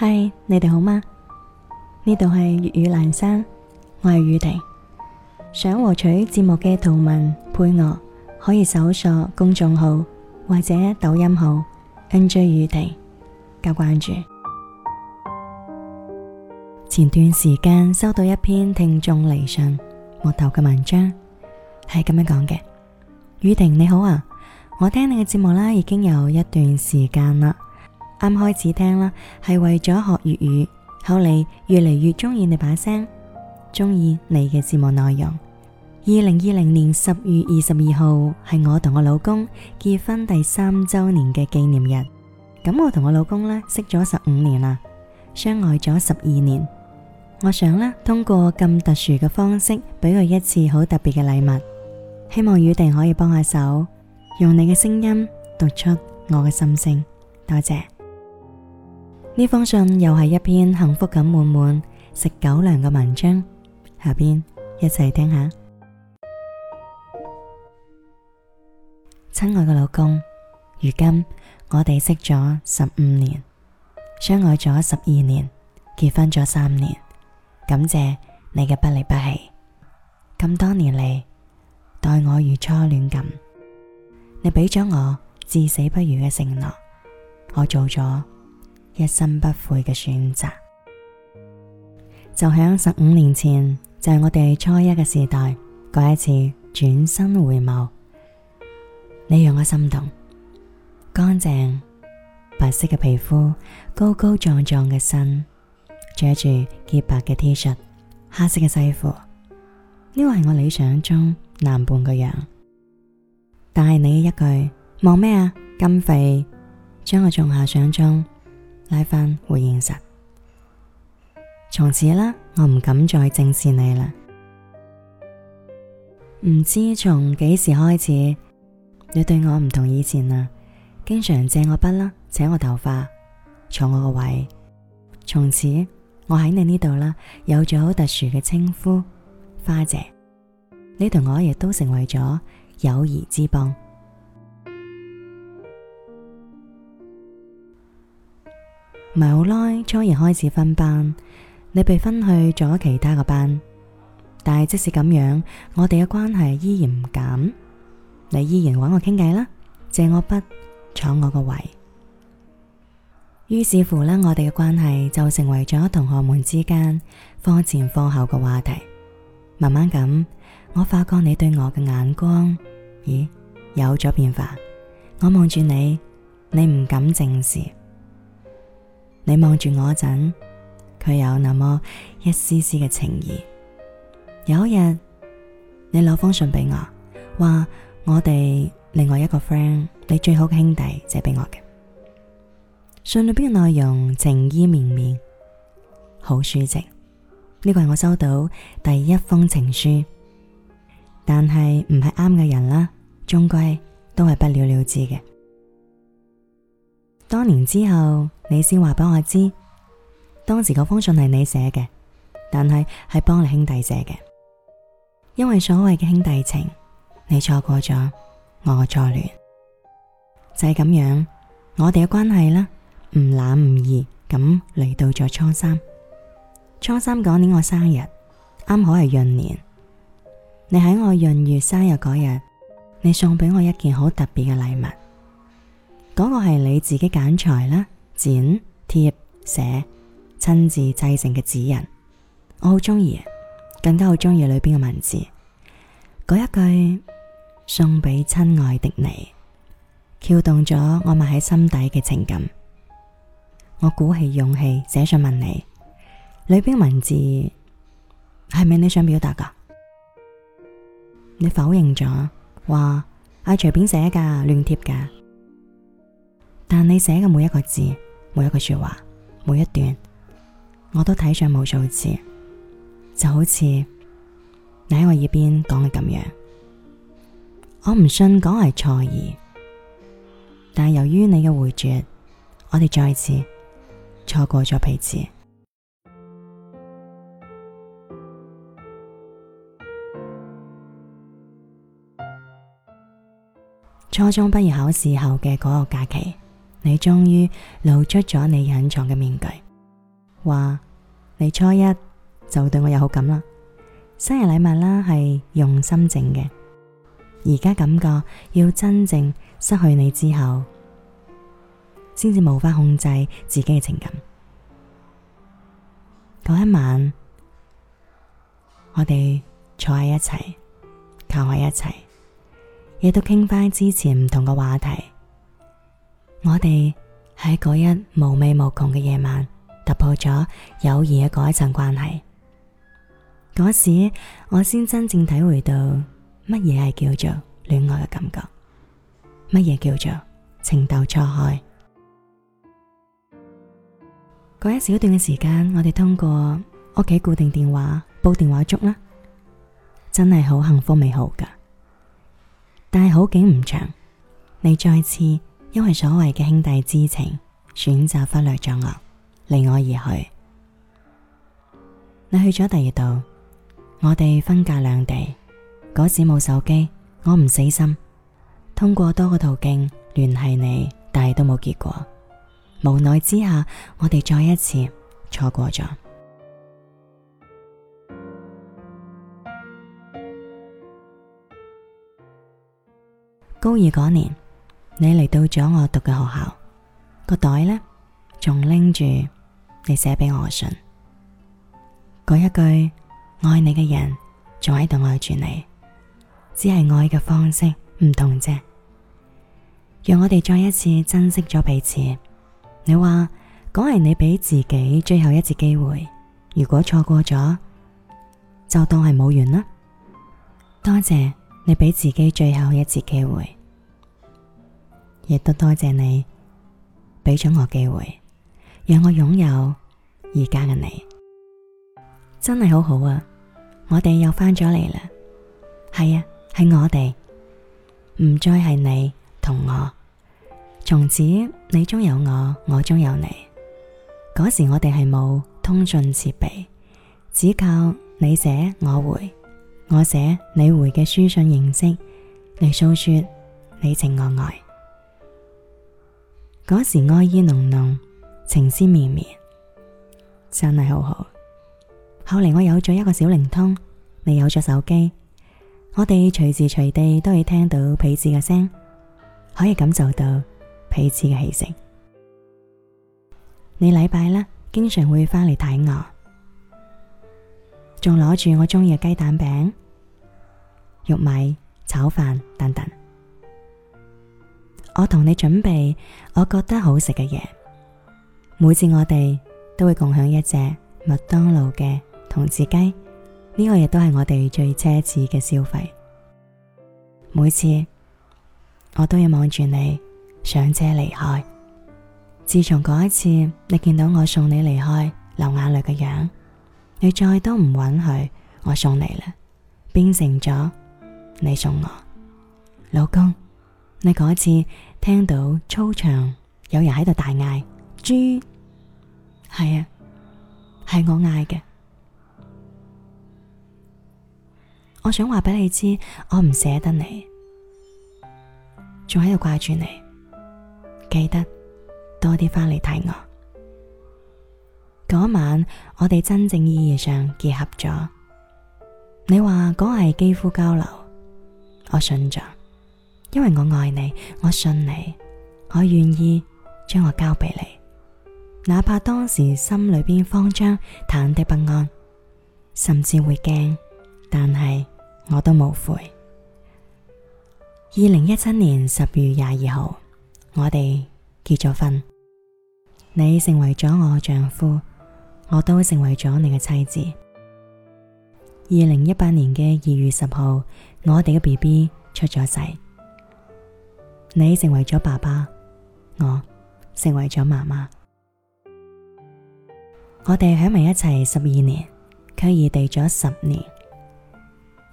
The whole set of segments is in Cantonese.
嗨，Hi, 你哋好嗎？呢度係粵語闌珊，我係宇婷。想獲取節目嘅圖文配樂，可以搜索公眾號或者抖音號 NJ 宇婷加關注。前段時間收到一篇聽眾嚟信，木頭嘅文章係咁樣講嘅：宇婷你好啊，我聽你嘅節目啦，已經有一段時間啦。啱開始聽啦，係為咗學粵語，後嚟越嚟越鍾意你把聲，鍾意你嘅節目內容。二零二零年十月二十二號係我同我老公結婚第三周年嘅紀念日。咁我同我老公呢識咗十五年啦，相愛咗十二年。我想呢，通過咁特殊嘅方式俾佢一次好特別嘅禮物，希望宇婷可以幫下手，用你嘅聲音讀出我嘅心聲。多謝。呢封信又係一篇幸福感滿滿食狗糧嘅文章，下邊一齊聽下。親愛嘅老公，如今我哋識咗十五年，相愛咗十二年，結婚咗三年，感謝你嘅不離不棄。咁多年嚟，待我如初戀咁，你俾咗我至死不渝嘅承諾，我做咗。一生不悔嘅選擇，就響十五年前，就係、是、我哋初一嘅時代。嗰一次轉身回眸，你讓我心動，乾淨白色嘅皮膚，高高壯壯嘅身，着住潔白嘅 T 恤，黑色嘅西褲，呢個係我理想中男伴嘅樣。但係你一句望咩啊，咁肥，將我種下想中。拉返回現實，從此啦，我唔敢再正視你啦。唔知從幾時開始，你對我唔同以前啦，經常借我筆啦，扯我頭髮，坐我個位。從此，我喺你呢度啦，有咗好特殊嘅稱呼，花姐。你同我亦都成為咗友誼之邦。唔係好耐，初二開始分班，你被分去咗其他個班，但係即使咁樣，我哋嘅關係依然唔減，你依然揾我傾偈啦，借我筆，坐我個位。於是乎呢，我哋嘅關係就成為咗同學們之間課前課後嘅話題。慢慢咁，我發覺你對我嘅眼光咦有咗變化。我望住你，你唔敢正視。你望住我嗰陣，佢有那麼一絲絲嘅情誼。有一日，你攞封信俾我，話我哋另外一個 friend，你最好嘅兄弟，借俾我嘅。信裏邊嘅內容情意綿綿，好抒情。呢個係我收到第一封情書，但係唔係啱嘅人啦，終歸都係不了了之嘅。多年之後，你先話畀我知，當時嗰封信係你寫嘅，但係係幫你兄弟寫嘅，因為所謂嘅兄弟情，你錯過咗我嘅初戀，就係咁樣，我哋嘅關係啦，唔冷唔熱，咁嚟到咗初三，初三嗰年我生日，啱好係閏年，你喺我閏月生日嗰日，你送俾我一件好特別嘅禮物。嗰個係你自己揀材啦，剪貼寫，親自製成嘅紙人，我好中意，更加好中意裏邊嘅文字。嗰一句送俾親愛的你，撬動咗我埋喺心底嘅情感。我鼓起勇氣寫信問你，裏邊文字係咪你想表達噶？你否認咗，話係隨便寫噶，亂貼噶。但你寫嘅每一個字、每一個說話、每一段，我都睇上無數次，就好似你喺我耳邊講嘅咁樣。我唔信講係錯意，但係由於你嘅回絕，我哋再次錯過咗彼此。初中畢業考試後嘅嗰個假期。你終於露出咗你隱藏嘅面具，話你初一就對我有好感啦。生日禮物啦係用心整嘅，而家感覺要真正失去你之後，先至無法控制自己嘅情感。嗰一晚，我哋坐喺一齊，靠喺一齊，亦都傾翻之前唔同嘅話題。我哋喺嗰一回味無窮嘅夜晚，突破咗友誼嘅嗰一層關係，嗰時我先真正體會到乜嘢係叫做戀愛嘅感覺，乜嘢叫做情竇初開。嗰一小段嘅時間，我哋通過屋企固定電話煲電話粥啦，真係好幸福美好噶。但係好景唔長，你再次。因為所謂嘅兄弟之情，選擇忽略咗我，離我而去。你去咗第二度，我哋分隔兩地。嗰時冇手機，我唔死心，通過多個途徑聯繫你，但係都冇結果。無奈之下，我哋再一次錯過咗。高二嗰年。你嚟到咗我讀嘅學校，個袋呢，仲拎住你寫俾我嘅信，嗰一句愛你嘅人仲喺度愛住你，只係愛嘅方式唔同啫。讓我哋再一次珍惜咗彼此。你話講係你俾自己最後一次機會，如果錯過咗，就當係冇緣啦。多謝你俾自己最後一次機會。亦都多謝你俾咗我機會，讓我擁有而家嘅你，真係好好啊！我哋又翻咗嚟啦，係啊，係我哋，唔再係你同我，從此你中有我，我中有你。嗰時我哋係冇通訊設備，只靠你寫我回，我寫你回嘅書信形式嚟訴說你情我愛。嗰時愛意濃濃，情思綿綿，真係好好。後嚟我有咗一個小靈通，你有咗手機，我哋隨時隨地都可以聽到彼此嘅聲，可以感受到彼此嘅氣息。你禮拜咧，經常會翻嚟睇我，仲攞住我中意嘅雞蛋餅、玉米、炒飯等等。我同你準備我覺得好食嘅嘢，每次我哋都會共享一隻麥當勞嘅童子雞，呢個亦都係我哋最奢侈嘅消費。每次我都要望住你上車離開。自從嗰一次你見到我送你離開流眼淚嘅樣，你再都唔允許我送你啦，變成咗你送我，老公。你嗰次聽到操場有人喺度大嗌，豬，係啊，係我嗌嘅。我想話俾你知，我唔捨得你，仲喺度掛住你。記得多啲翻嚟睇我。嗰晚我哋真正意義上結合咗。你話嗰係肌膚交流，我信咗。因為我愛你，我信你，我願意將我交俾你，哪怕當時心裏邊慌張、忐忑不安，甚至會驚，但係我都無悔。二零一七年十月廿二號，我哋結咗婚，你成為咗我丈夫，我都成為咗你嘅妻子。二零一八年嘅二月十號，我哋嘅 BB 出咗世。你成為咗爸爸，我成為咗媽媽。我哋喺埋一齊十二年，卻異地咗十年。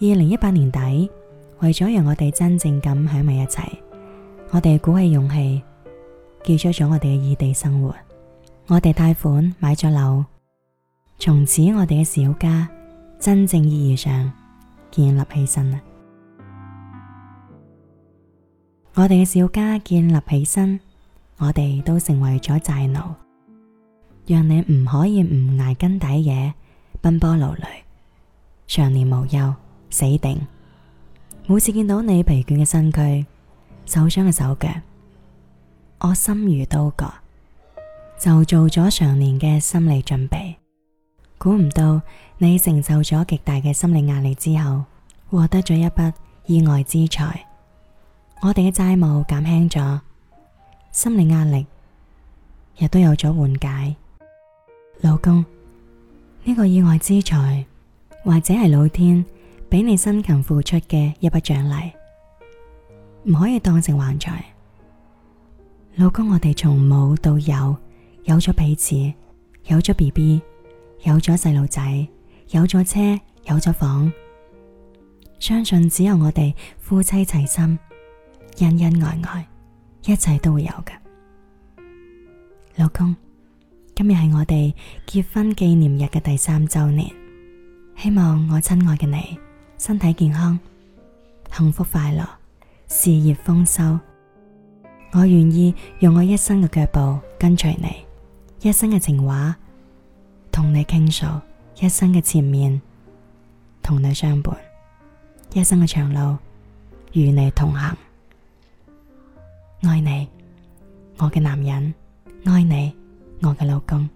二零一八年底，為咗讓我哋真正咁喺埋一齊，我哋鼓起勇氣結束咗我哋嘅異地生活。我哋貸款買咗樓，從此我哋嘅小家真正意義上建立起身啦。我哋嘅小家建立起身，我哋都成為咗債奴，讓你唔可以唔捱更抵夜，奔波勞累，常年無休，死頂。每次見到你疲倦嘅身軀、受傷嘅手腳，我心如刀割，就做咗常年嘅心理準備。估唔到你承受咗極大嘅心理壓力之後，獲得咗一筆意外之財。我哋嘅債務減輕咗，心理壓力亦都有咗緩解。老公，呢個意外之財或者係老天俾你辛勤付出嘅一筆獎勵，唔可以當成橫財。老公，我哋從冇到有，有咗彼此，有咗 B B，有咗細路仔，有咗車，有咗房，相信只有我哋夫妻齊心。恩恩愛愛，一切都會有嘅。老公，今日係我哋結婚紀念日嘅第三周年，希望我親愛嘅你身體健康、幸福快樂、事業豐收。我願意用我一生嘅腳步跟隨你，一生嘅情話同你傾訴，一生嘅前面同你相伴，一生嘅長路與你同行。愛你，我嘅男人；愛你，我嘅老公；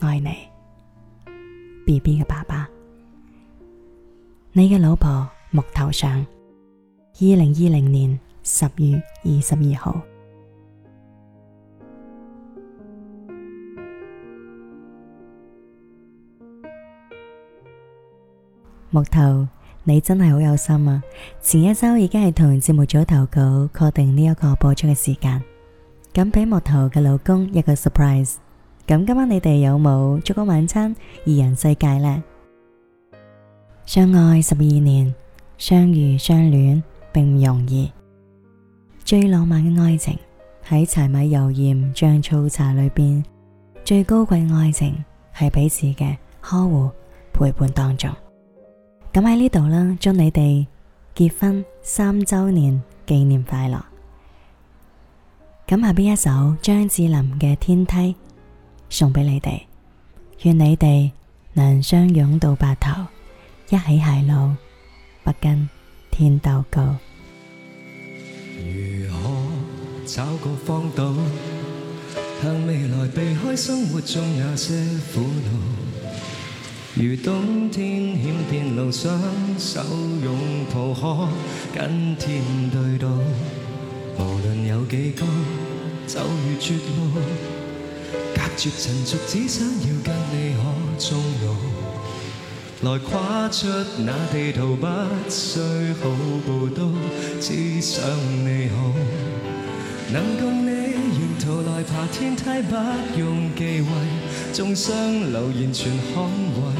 愛你，BB 嘅爸爸。你嘅老婆木頭上，二零二零年十月二十二號。木頭。你真係好有心啊！前一周已經係同節目組投稿，確定呢一個播出嘅時間。咁俾木頭嘅老公一個 surprise。咁今晚你哋有冇燭光晚餐、二人世界呢？相愛十二年，相遇相戀並唔容易。最浪漫嘅愛情喺柴米油鹽醬醋茶裏邊，最高貴嘅愛情係彼此嘅呵護陪伴當中。咁喺呢度啦，祝你哋結婚三周年紀念快樂！咁下邊一首張智霖嘅《天梯》送俾你哋，願你哋能相擁到白頭，一起偕老，不跟天鬥高。如何找個荒島，向未來避開生活中那些苦惱？如冬天欠電爐，雙手擁抱可跟天對賭，無論有幾高，走如絕路，隔絕塵俗，只想要跟你可終老，來跨出那地圖，不需好步都，只想你好，能共你沿途來爬天梯，不用忌諱，中傷流言全捍衛。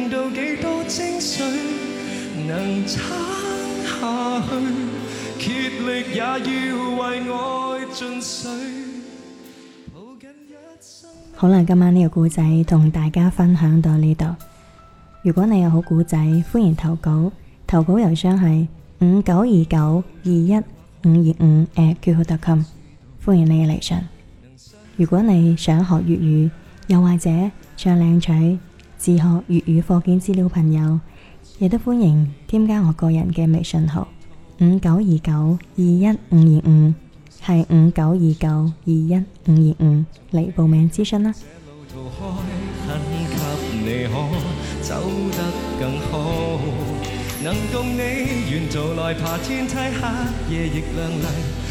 能撐下去，竭力也要好啦，今晚呢個故仔同大家分享到呢度。如果你有好故仔，歡迎投稿，投稿郵箱係五九二九二一五二五 @QQ.com。誒，粵語特刊，歡迎你嘅嚟信。如果你想學粵語，又或者想領取。自學粵語課件資料朋友，亦都歡迎添加我個人嘅微信號五九二九二一五二五，係五九二九二一五二五嚟報名諮詢啦、啊。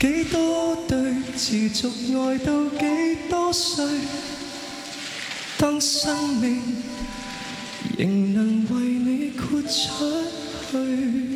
幾多對持續愛到幾多歲，當生命仍能為你豁出去。